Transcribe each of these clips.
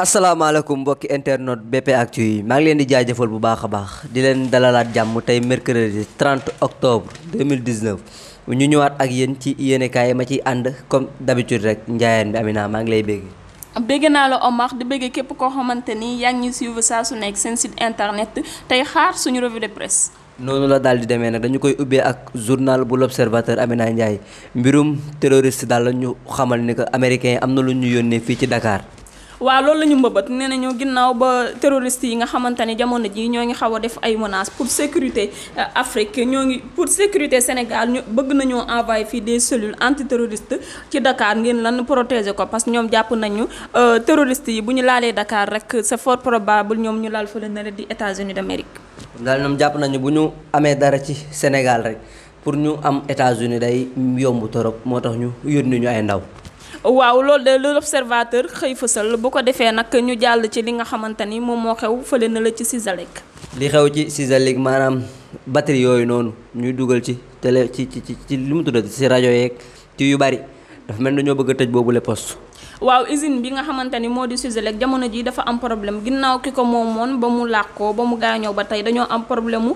asalaamaaleykum mbokki internet BP Actu yi maa ngi leen di jëfal bu baax a baax di leen dalalaat jàmm tey mercredi 30 octobre 2019 ñu ñëwaat ak yéen ci yéenekaay ma ciy ànd comme d'habitude rek njaayeen bi Amina maa ngi lay bégg. bégg naa la Omar di bégg képp koo xamante ni yaa ngi ñu suivre saa su nekk seen site internet tey xaar suñu revue de presse. noonu la daal di demee nag dañu koy ubbee ak journal bu l'Observateur Amina Ndiaye mbirum terroriste daal la ñu xamal ni que américain am na lu ñu yónnee fii ci Dakar. waaw loolu la ñu mbëbët nee nañu ginnaaw ba terroriste yi nga xamante ne jamono ji ñoo ngi xaw a def ay menaces pour sécurité euh, Afrique ñoo ngi pour sécurité Sénégal bëgg nañu envoyé fii des cellules antiterroristes ci dakaar ngeen lan protéger ko parce que ñoom jàpp nañu euh, terroriste yi bu ñu laalee dakaar rek c'est fort probable ñoom ñu laal fële nare di États-Unis d'Amérique. daal ñoom jàpp nañu bu ñu amee dara ci Sénégal rek pour ñu am États-Unis day yomb torop moo tax ñu yónni ñu ay ndaw. waaw loolu de l'observateur xëy fësal bu ko defee nag ñu jàll ci li nga xamante ni moom moo xew fële na la ci Sisalek. li xew ci Sisalek maanaam batterie yooyu noonu ñuy dugal ci télé ci ci ci ci li mu tuddati si rajo yeeg ci yu bari dafa mel dañoo bëgg a tëj boobu le poste. waaw usine bi nga xamante ni moo di Suzelec jamono ji dafa am problème ginnaaw ki ko moomoon ba mu làkkoo ba mu gaañoo ba tey dañoo am problème mu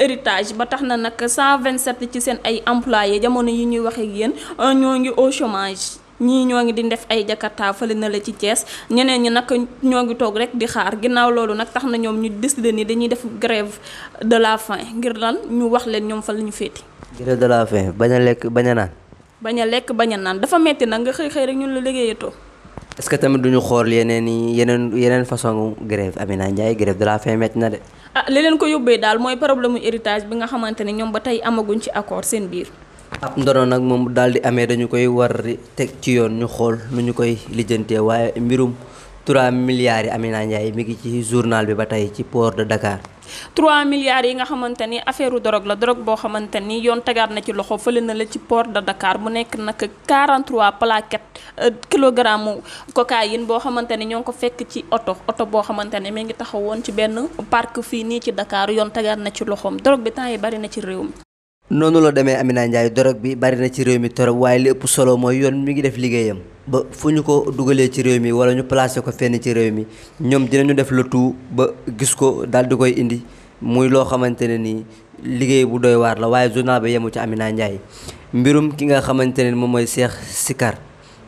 héritage ba tax na nag 127 ci seen ay employés jamono yi ñuy wax ak yéen euh, ñoo ngi au chômage. ñii ñoo ngi di def ay jakarta fële na la ci Thiès ñeneen ñi nag ñoo ngi toog rek di xaar ginnaaw loolu nag tax na ñoom ñu décider ni dañuy def grève de la faim ngir lan ñu wax leen ñoom fa la ñu féete. grève de la faim bañ a lekk bañ a naan. bañ a lekk bañ a naan dafa metti nag nga xëy xëy rek ñun la liggéeyatoo. est-ce tamit duñu xool yeneen yi yeneen yeneen façon grève Amina Ndiaye grève de la faim metti na de. ah li leen ko yóbbee daal mooy problème mu bi nga xamante ne ñoom ba tey amaguñ ci accord seen biir. ab ndono nag moom daal di amee dañu koy war teg ci yoon ñu xool lu ñu koy lijjantee waaye mbirum 3 milliards yi naa Ndiaye mi ngi ci journal bi ba tey ci port de Dakar. 3 milliards yi nga xamante ni affaire drogue la drogue boo xamante ni yoon tegaat na ci loxo fële na la ci port de Dakar mu nekk nag 43 plaquettes euh, kilogramme cocaïne boo xamante ni ñoo ngi ko fekk ci oto oto boo xamante ni mi ngi woon ci benn park fii nii ci Dakar yoon tegaat na ci loxoom drogue bi yi bari na ci réew mi. noonu la demee Amina Ndiaye dorog bi bari na ci réew mi torop waaye li ëpp solo mooy yoon mi ngi def liggéeyam ba fu ñu ko dugalee ci réew mi wala ñu placé ko fenn ci réew mi ñoom dinañu def le tout ba gis ko daal di koy indi muy loo xamante ne nii liggéey bu doy waar la waaye journal ba yemu ci Amina Ndiaye mbirum ki nga xamante ne moom mooy Cheikh Sikar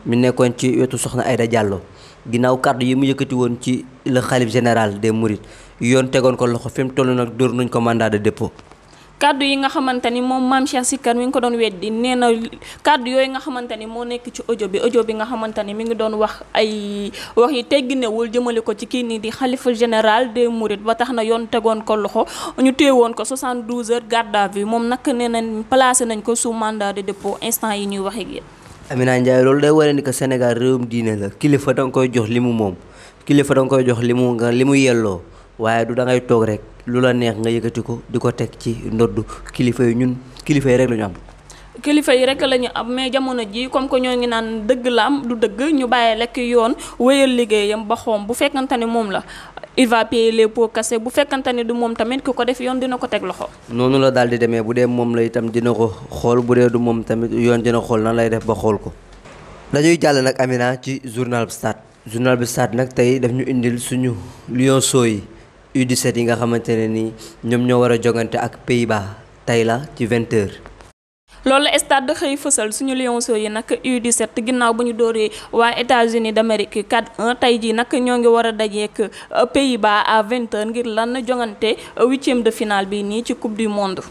mi nekkoon ci wetu soxna Aïda Diallo ginnaaw kàddu yi mu yëkkati woon ci le xalif général des Mourides yoon tegoon ko loxo fi mu toll nag dóor nañ ko mandat de dépôt. kàddu yi nga xamante ni moom maam Cheikh Sikar mi ngi ko doon weddi nee na kàddu yooyu nga xamante ni moo nekk ci ojo bi audio bi nga xamante ni mi ngi doon wax ay wax yi tegginewul jëmale ko ci kii nii di xalifa général des Mourides ba tax na yoon tegoon ko loxo ñu téye woon ko 72 heures garde à bi moom nag nee nañ placé nañ ko su mandat de dépôt instant yi ñuy wax ak yéen. Amina Ndiaye loolu day waree ni que Sénégal réewum diine la kilifa danga koy jox li mu moom kilifa danga koy jox li mu nga li mu yelloo waaye du dangay toog rek. lu la neex nga yëkkati ko di ko teg ci ndodd kilifa yi ñun kilifa yi rek la am. kilifa yi rek lañu am mais jamono ji comme que ñoo ngi naan dëgg la am du dëgg ñu bàyyi lekk yoon wéyal liggéeyam ba xoom bu fekkante ne moom la il va payer les bu fekkante ne du moom tamit ku ko def yoon dina ko teg loxo. noonu la daal di demee bu dee moom la itam dina ko xool bu dee du moom tamit yoon dina xool nan lay def ba xool ko. dañuy jàll nag Amina ci journal bi stade bi stade nag tey daf ñu indil suñu lionceaux U17 yi nga xamante ne ni ñoom ñoo war a jogante ak Pays-Bas tey la ci 20 loolu la stade xëy fësal suñu lionceaux yi nag U17 ginnaaw bu ñu dooree waa États-Unis d'Amérique 4-1 tey jii nag ñoo ngi war a dajeek Pays-Bas à 20 ngir lan jongante huitième de finale bi nii ci coupe du monde.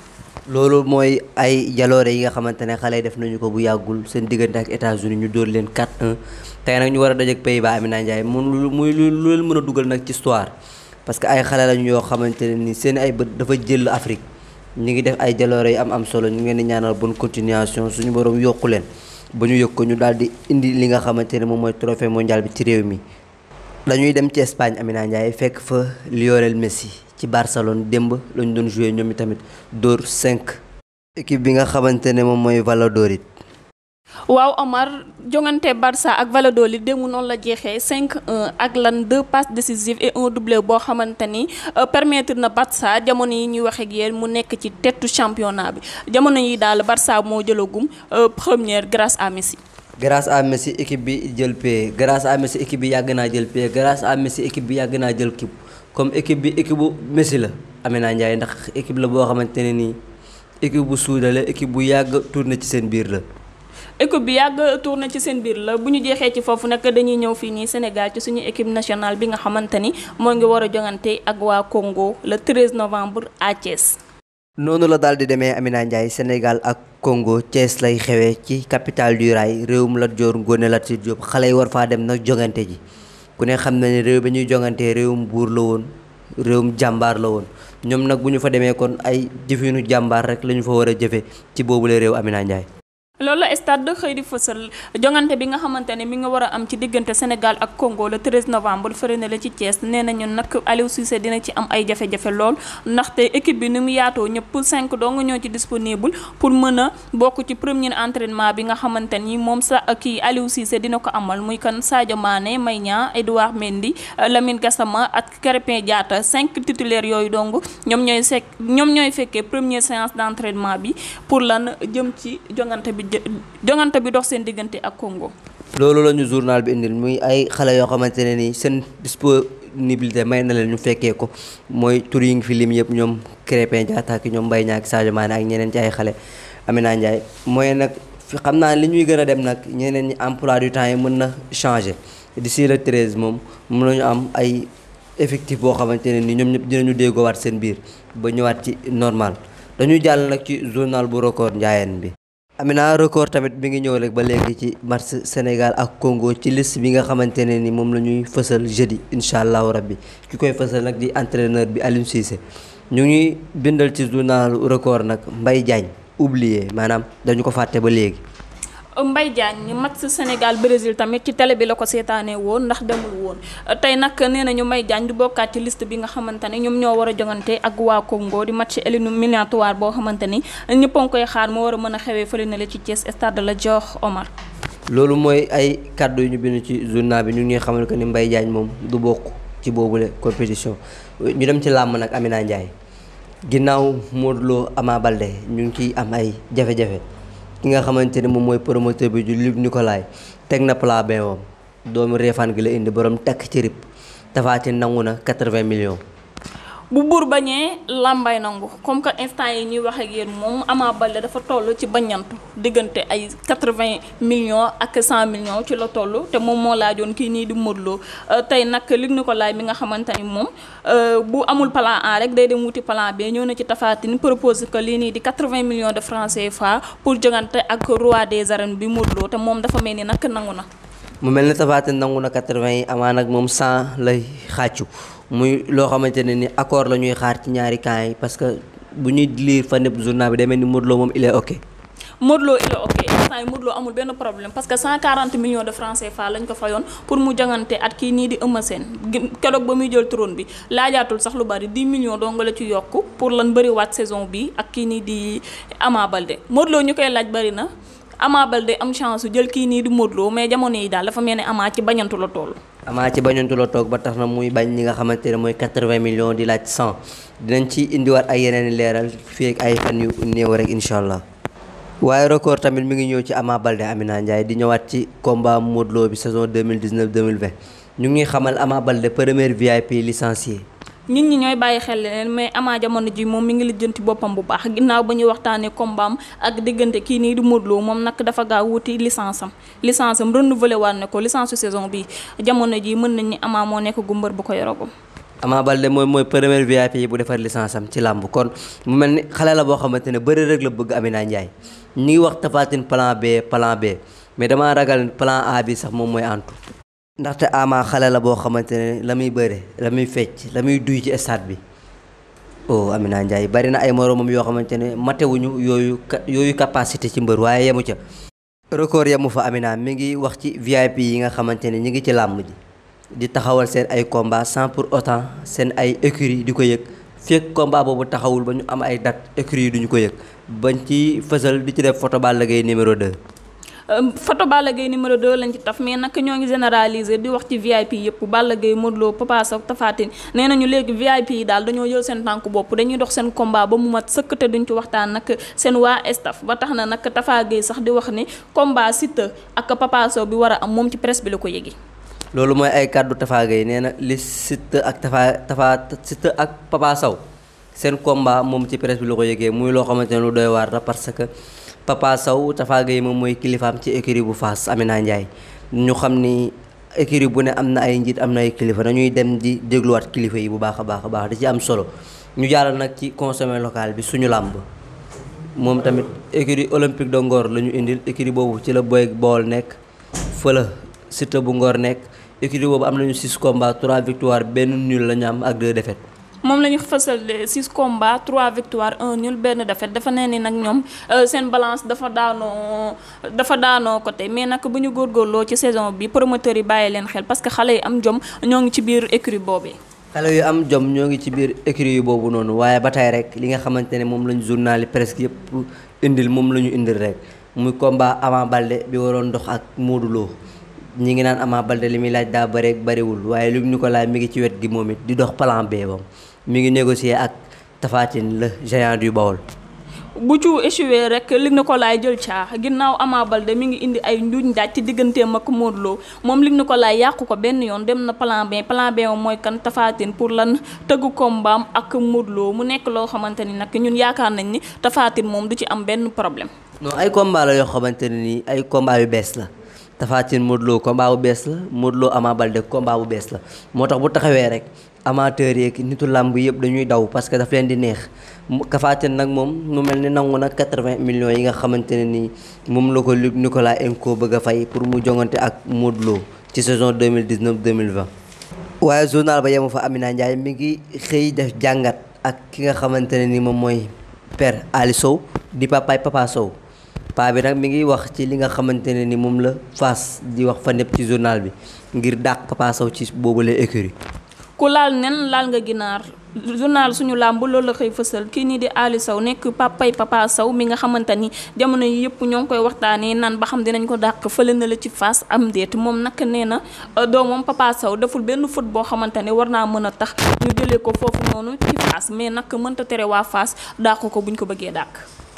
loolu mooy ay jaloore yi nga xamante ne xale def nañu ko bu yàggul seen diggante ak États-Unis ñu door leen 4-1 tey nag ñu war a dajeek Pays-Bas Amina Ndiaye mu mën a dugal nag ci histoire. parce que ay xale lañu yoo xamante ne ni seen ay bët dafa jël Afrique ñu ngi def ay jaloore yu am am solo ñu ngeen di ñaanal bonne continuation suñu borom yokku leen ba ñu yëg ko ñu daal di indi li nga xamante ne moom mooy trophée mondial bi ci réew mi. dañuy dem ci Espagne Amina Ndiaye fekk fa Lionel Messi ci Barcelone démb lañu doon joué ñoom i tamit dóor 5. équipe bi nga xamante ne moom mooy Valladolid waaw Omar jongante Barça ak Valladolid démb noonu la jeexee cinq 1 ak lan deux passes décisives et un doublé boo xamante ni euh, permettre na Barça jamono yi ñuy waxeeg ak mu nekk ci tettu championnat bi jamono yi daal Barça moo jëlagum euh, première grace à Messi. grâce à Messi équipe bi jël pay grâce à Messi équipe bi yàgg naa jël pay grace à Messi équipe bi yàgg naa jël kib comme équipe bi équipe bu Messi la Amina Ndiaye ndax équipe la boo xamante ne nii équipe bu suudale équipe bu yàgg tourné ci seen biir la. équipe bi yàgg tourné ci seen biir la bu ñu jeexee ci foofu nag dañuy ñëw fii nii senegal ci suñu équipe nationale bi nga xamante ni moo ngi war a jongante ak waa Congo le 13 novembre à Thiès. noonu la daal di demee Amina Ndiaye Sénégal ak Congo Thiès lay xewee ci capitale du rail réewum Lat Dior Ngoné Latyr Diop xale yi war faa dem nag jongante ji ku ne xam na ne réew bi ñuy jongantee réewum buur la woon réewum jàmbaar la woon ñoom nag bu ñu fa demee kon ay jëfinu jàmbaar rek la ñu fa war a jëfe ci boobu boobule réew Amina Ndiaye. loolu la stade xëy di fësal jongante bi nga xamante ne mi nga war a am ci diggante Sénégal ak Congo le 13 novembre fële na la ci cees nee nañu nag Aliou Cissé dina ci am ay jafe-jafe lool ndaxte équipe bi ni mu yaatoo ñëpp 5 dong ñoo ci disponible pour mën a bokk ci premier entraînement bi nga xamante ni moom sa kii Aliou Cissé dina ko amal muy kan Sadio Mané Maignan Edouard Mendy Lamine Gassama ak Krépin Diatta 5 titulaires yooyu dong ñoom ñooy sekk ñoom ñooy fekkee première séance d' bi pour lan jëm ci jongante bi. jongante bi dox seen diggante ak Congo. loolu la ñu journal bi indil muy ay xale yoo xamante ne ni seen disponibilité may na leen ñu fekkee ko mooy tur yi ngi fi lim yëpp ñoom Krépin Diatta ñoom mbay Niang ak Sadio ak ñeneen ci ay xale Amina Ndiaye mooy nag xam naa li ñuy gën a dem nag ñeneen ñi emploi du temps yi mën na changer d'ici le 13 moom mun mën ñu am ay effective boo xamante ne ni ñoom ñëpp dinañu déggoowaat seen biir ba ñëwaat ci normal dañuy jàll nag ci journal bu record njaayeen bi Amina record tamit bi ngi ñëw rek ba léegi ci match Sénégal ak Congo ci liste bi nga xamante ne ni moom la ñuy fësal jeudi incha allahu rabbi ki koy fësal nag di entraîneur bi Aliou Cissé ñu ngi bindal ci journalu record nag Mbaye Diagne oublié maanaam dañu ko fàtte ba léegi. mbay Mbaye Diagne match Sénégal Brésil tamit ci télé bi la ko seetaanee woon ndax demul woon tey nag nee nañu Mbaye Diagne du bokkaat ci liste bi nga xamante ne ñoom ñoo war a jongante ak waa Congo di match éliminatoire boo xamante ni ñëpp a ngi koy xaar mu war a mën a xewee fële na la ci Thiès stade la jox Omar. loolu mooy ay kàddu yu ñu bind ci journal bi ñu ngi xamal ko ni mbay jaañ moom du bokk ci boobu la compétition ñu dem ci làmb nag Amina Ndiaye ginnaaw Modou Lo Ama ñu ngi ciy am ay jafe ki nga xamante ne moom mooy promoteur bi ju Luc Nicolaï teg na plat benn moom doomu Réfane gi la indi borom takk ci rib Tapha Tine nangu na 80 millions. bu buur bañee làmbaay nangu comme que instant yi ñuy wax ak yéen moom Ama Baldé dafa toll ci bañ ñant diggante ay quatre vingt millions ak cent millions ci la toll te moom moo laa laajoon kii nii di Modou Lo euh, tey nag ko Nicolaï mi nga xamante ni moom euh, bu amul plan A rek day dem wuti plan B ñëw na ci Tapha Tine propose que lii nii di quatre-vingts million de francs CFA pour jogante ak roi des arènes bi Modou Lo te moom dafa mel ni nag nangu na. mu mel ne Tapha Tine nangu na quatre-vingts yi amaa nag moom cent lay xàccu. muy loo xamante ne ni accord la ñuy xaar ci ñaari camps yi parce que bu ñuy lire fan yëpp journal bi day mel ni Modou Lo moom il est ok. Modou Lo il yi Modou Lo amul benn problème parce que 140 millions de francs CFA lañ ko fayoon pour mu jangante at kii nii di Eumeu Sène keroog ba muy jël trone bi laajaatul sax lu bari 10 millions dong la ci yokk pour lan bëriwaat saison bi ak kii nii di Ama Baldé Modou ñu koy laaj bari na Ama Baldé am chance jël kii nii di Modou Lo mais jamono yi daal dafa mel ni Ama ci bañantu la toll. amaa ci bañoontu la toog ba tax na muy bañ ñi nga xamante ne mooy 80 millions di laaj 100 dinañ ci indiwaat ay yeneen leeral fii ay fan yu néew rek incha allah. waaye record tamit mu ngi ñëw ci Ama Balde Amina Ndiaye di ñëwaat ci combat Modou Lo bi saison 2019 2020 ñu ngi xamal Ama Balde premier VIP licencié. nit ñi ñooy bàyyi xel leneen mais Ama jamono ji moom mi ngi lijjanti boppam bu baax ginnaaw ba ñuy waxtaanee kombaam ak diggante kii nii di Modou Lo moom nag dafa gaaw wuti licence am licence am renouvelé waat na ko licence saison bi jamono ji mën nañ ni amaa moo nekk gu mbër bu ko yoragum. Ama Baldé mooy mooy premier VIP bu defar licence am ci làmb kon mu mel ni xale la boo xamante ne bëri rek la bëgg Amina naa ñu ngi wax Tapha Tine plan B plan mais damaa ragal plan bi sax moom mooy antu. ndaxte Ama xale la boo xamante ne la muy bëre la muy fecc la muy duy ci stade bi oh Amina Ndiaye bari na ay moroomam yoo xamante ne matewuñu yooyu yooyu capacité ci mbër waaye yemu ca record yemu fa Amina mi ngi wax ci VIP yi nga xamante ne ñu ngi ci làmb ji di taxawal seen ay combat sans pour autant seen ay écurie di ko yëg fekk combat boobu taxawul ba ñu am ay date écurie yi duñu ko yëg bañ ci fësal di ci def photo Balla Gaye numéro 2 Euh, photo Balla Gaye numéro 2 lañ ci taf mais nag ñoo ngi généraliser di wax ci VIP yëpp Balla Gaye Modou Lo Papa Sow Tapha Tine nee nañu léegi VIP yi daal dañoo yëw seen tànk bopp dañuy dox seen combat ba mu mat sëkk te duñ ci waxtaan nag seen waa staff ba tax na nag tafaa Gueye sax di wax ni combat Siteu ak Papa bi war a am moom ci presse bi la ko yëgee. loolu mooy ay kàddu Tapha Gueye nee na li Siteu ak Tapha Tapha Siteu ak Papa seen combat moom ci presse bi ko yëgee muy loo xamante ne lu doy parce que. Papa Sow Tafa Gueye moom mooy kilifaam ci écurie bu Fass Amina Ndiaye ñu xam ni écurie bu ne am na ay njiit am na ay kilifa dañuy dem di dégluwaat kilifa yi bu baax a baax a baax da ci am solo ñu jàllal nag ci consommé locale bi suñu làmb moom tamit écurie olympique de Ngor la ñu indil écurie boobu ci la boy bool nekk fëla Siteu bu Ngor nekk écurie boobu am nañu 6 combats 3 victoires benn nul la ñu am ak 2 défaites moom la ñu fësal eh, six combats trois victoires un nul benn défaite dafa nee ni nag ñoom euh, seen balance dafa daanoo dafa daanoo côté mais nag bu ñu góorgóorloo ci saison bi promoteurs yi bàyyi leen xel parce que xale yi am jom ñoo ngi ci biir écurie boobee. xale yu am jom ñoo ngi ci biir écurie yu boobu noonu waaye ba tey rek li nga xamante ne moom lañu journal yi presque yëpp indil moom la ñu indil rek muy combat Ama Baldé bi waroon ndox ak Modou Lo ñi ngi naan Ama Baldé li muy laaj daa bëreeg bëriwul waaye lu ñu ko laaj mi ngi ci wet gi moom it di dox plan B mi ngi négocier ak tafaatin la le yu du bu ci échoué rek ko Nicolaï jël caa ginnaaw Ama de mi ngi indi ay njuuñ daaj ci digganteem ak Modou Lo moom ko Nicolaï yàqu ko benn yoon dem na palan B palan B mooy kan tafaatin pour lan tëgg kombaam ak Modou mu nekk loo xamante ni nag ñun yaakaar nañ ni Tapha moom du ci am benn problème. non ay combat yoo xamante ne nii ay combat yu bees la Tapha Tine Modou Lo bu bees la Modou Lo Ama Baldé bees la moo tax bu taxawee rek. amateur yeeg nitu làmb yëpp dañuy daw parce que daf leen di neex Kafaatine nag moom mu mel ni nangu na 80 millions yi nga xamante ne nii moom la ko Luc Nicolas Enco bëgg fay pour mu jongante ak Modou Lo ci saison 2019 2020. waaye journal ba yemu fa Amina Ndiaye mi ngi xëy def jàngat ak ki nga xamante ne ni moom mooy père Ali di papaay papa Sow paa bi nag mi ngi wax ci li nga xamante ne ni moom la Fass di wax fa nepp ci journal bi ngir dàq papa Sow ci boobule écurie ku laal nen laal nga ginaar journal suñu làmb loolu la koy fësal kii nii di Aliou Sow nekk papay papa Sow mi nga xamante ni jamono yi yëpp ñoo ngi koy waxtaanee naan ba xam dinañ ko dàq fële na la ci faas am déet moom nag nee na euh, doomam papa Sow deful benn foot boo xamante ne war naa mën a tax ñu jëlee ko foofu noonu ci face mais nag mënta tere waa face dàq ko buñ ko bëggee dàq.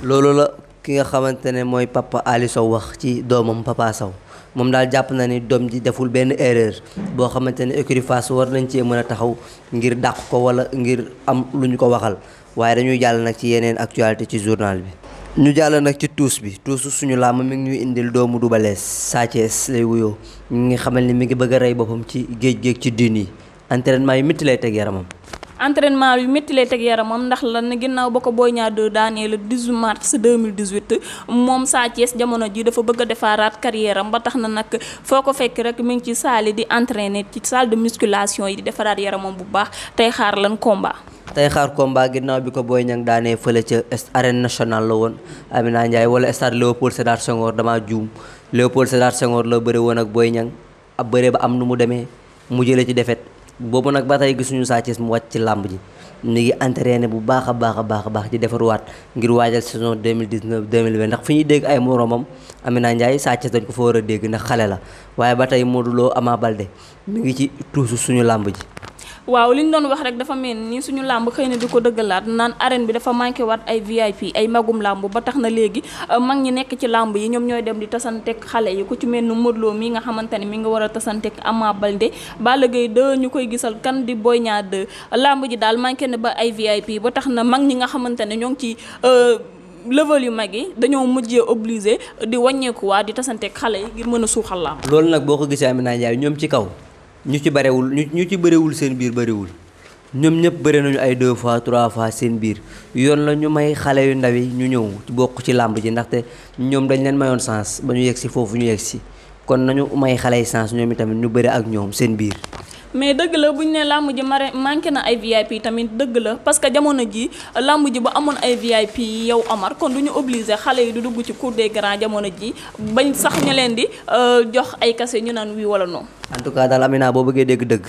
loolu la ki nga xamante ne mooy papa Aliou Sow wax ci doomam papa Sow. moom daal jàpp na ni doom ji deful benn erreur boo xamante ne écurie Fass war nañ cee mën a taxaw ngir dàq ko wala ngir am lu ñu ko waxal waaye dañuy jàll nag ci yeneen actualité ci journal bi. ñu jàll nag ci tuus bi tuusu suñu làmb mi ngi ñuy indil doomu Double Less Sa Thiès lay wuyoo ñu ngi xamal ni mi ngi bëgg a rey boppam ci géej géej ci diin yi entraînement yi métti lay teg yaramam. entraînement yu métti lay teg yaramam ndax lan ginnaaw ba ko Boy Niang 2 daanee le 18 mars 2018 moom Sa Thiès jamono ji dafa bëgg a defaaraat carrière ba tax na nag foo ko fekk rek mu ngi ci saali di entraîner ci salle de musculation yi di defaraat yaramam bu baax tey xaar lan combat. tey xaar combat ginnaaw bi ko Boy Niang daanee fële ca arène nationale la woon Amina Ndiaye wala stade Léopold Sédar Senghor damaa juum Léopold Sédar Senghor loo bëri woon ak Boy Niang ab bëre ba am nu mu demee mu jëlee ci défaite boobu nag ba tey gisuñu Sa mu wàcc ci làmb ji mu ngi entraîné bu baax a baax a baax a baax di defaruwaat ngir waajal saison 2019 2020 ndax fi ñuy dégg ay moroomam Amina Ndiaye Sa Thiès dañ ko fa war a dégg ndax xale la waaye ba tey Modou Lo Ama Baldé mi ngi ci tuusu suñu làmb ji waaw li ñu doon wax rek dafa mel ni suñu làmb xëy na di ko dëggalaat naan arène bi dafa manqué waat ay VIP ay magum làmb ba tax na léegi euh, mag ñi nekk ci làmb yi ñoom ñooy dem di tasanteeg xale yi ku ci mel ni Modou mi nga xamante ne mi nga war a tasanteeg Ama Baldé Balla Gaye 2 ñu koy gisal kan di Boy Niang 2 làmb ji daal manqué na ba ay VIP ba tax na mag ñi nga xamante ne ñoo ngi ci euh, level yu mag yi dañoo mujjee obligé di wàññeeku waa di tasanteeg xale yi ngir mën a suuxal làmb loolu nag boo ko gisee naa Ndiaye ñoom ci kaw ñu ci barewul ñu ci barewul seen biir barewul ñoom ñëpp bëri nañu ay deux fois trois fois seen biir yoon la ñu may xale yu ndaw yi ñu ñëw bokk ci làmb ji ndaxte ñoom dañ leen mayoon sens ba ñu yegg si foofu ñu yegg si kon nañu may xale yi sens ñoom itamit ñu bëri ak ñoom seen biir. mais dëgg la bu ñu nee làmb ji mare manqué na ay VIP tamit dëgg la parce que jamono ji làmb ji ba amoon ay VIP yow Omar kon du ñu obligé xale yi du dugg ci cour des grands jamono ji bañ sax ñu leen di euh, jox ay kase ñu naan wii wala non. en tout cas daal Amina boo bëggee dégg dëgg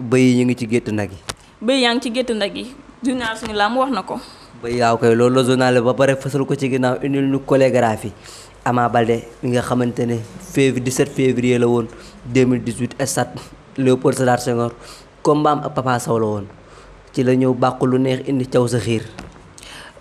bëy yi ñu ngi ci gétt nag yi. bëy yaa ngi ci gétt nag yi journal suñu làmb wax na ko. bëy yaaw koy loolu la journal ba pare fësal ko ci ginnaaw indil ñu chorégraphie. Ama Balde mi nga xamante ne février 17 février la woon 2018 stade Léopold Sédar Senghor kombaam ak Papa Sow la woon ci la ñëw bàqu lu neex indi caw sa xiir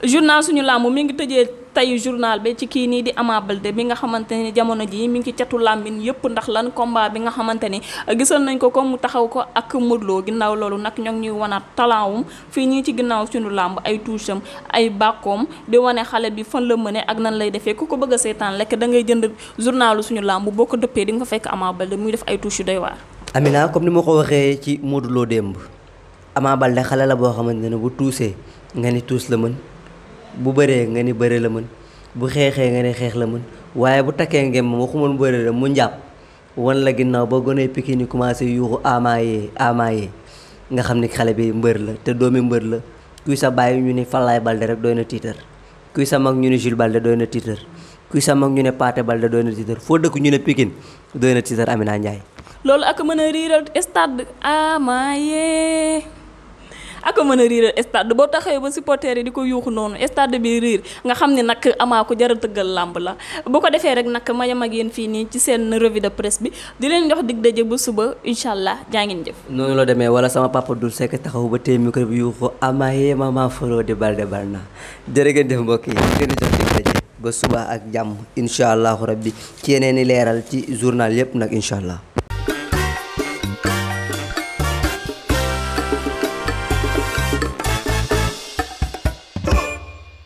journal suñu làmb mi ngi tëjee tey journal bi ci kii nii di Ama Baldé bi nga xamante ni jamono jii mi ngi catu làmbin yëpp ndax lan combat bi nga xamante ni gisoon nañ ko comme mu taxaw ko ak Modou Lo ginnaaw loolu nag ñoo ngi ñuy wanaat talaawum fii ñii ci ginnaaw suñu làmb ay toucham ay bàkkoom di wane xale bi fan la mëne ak nan lay defee ku ko bëgg seetaan lekk da ngay jënd journalu suñu làmb boo ko dëppee di nga fekk Ama Baldé muy def ay touche yu Amina comme ni ma ko waxee ci Modou Lo démb Ama Baldé xale la boo xamante ne bu tuusee nga ni tuus la mën bu bëree nga ni bëre la mën bu xeexee nga ni xeex la mën waaye bu takkee ngeen ma waxuma lu bëre la mu njàpp wan la ginnaaw ba gone Pikine yi commencé yuuxu Ama yee Ama yee nga xam ni xale bi mbër la te doomi mbër la kuy sa bàyyi ñu ni Falaye Baldé rek doy na tiitar kuy sa mag ñu ne Jules Baldé doy na tiitar kuy sa mag ñu ne Pathé Baldé doy na foo dëkk ñu ne Pikine doy na tiitar Amina loolu ak mën a riiral stade amaaye ak mën a riiral stade boo taxee ba supporter yi di ko yuuxu noonu stade bi riir nga xam ne nag amaa ko jar tëggal làmb la boo ko defee rek nag ma yem ak yéen fii nii ci seen revue de presse bi di leen jox dig daje ba suba incha allah jaa ngeen demee wala sama papa Dul taxaw ba tey micro bi yuuxu amaaye mama foro de bal de bal na jërë mbokk yi suba ak jàmm incha allahu rabbi ci yeneen i leeral ci journal yëpp nag incha allah.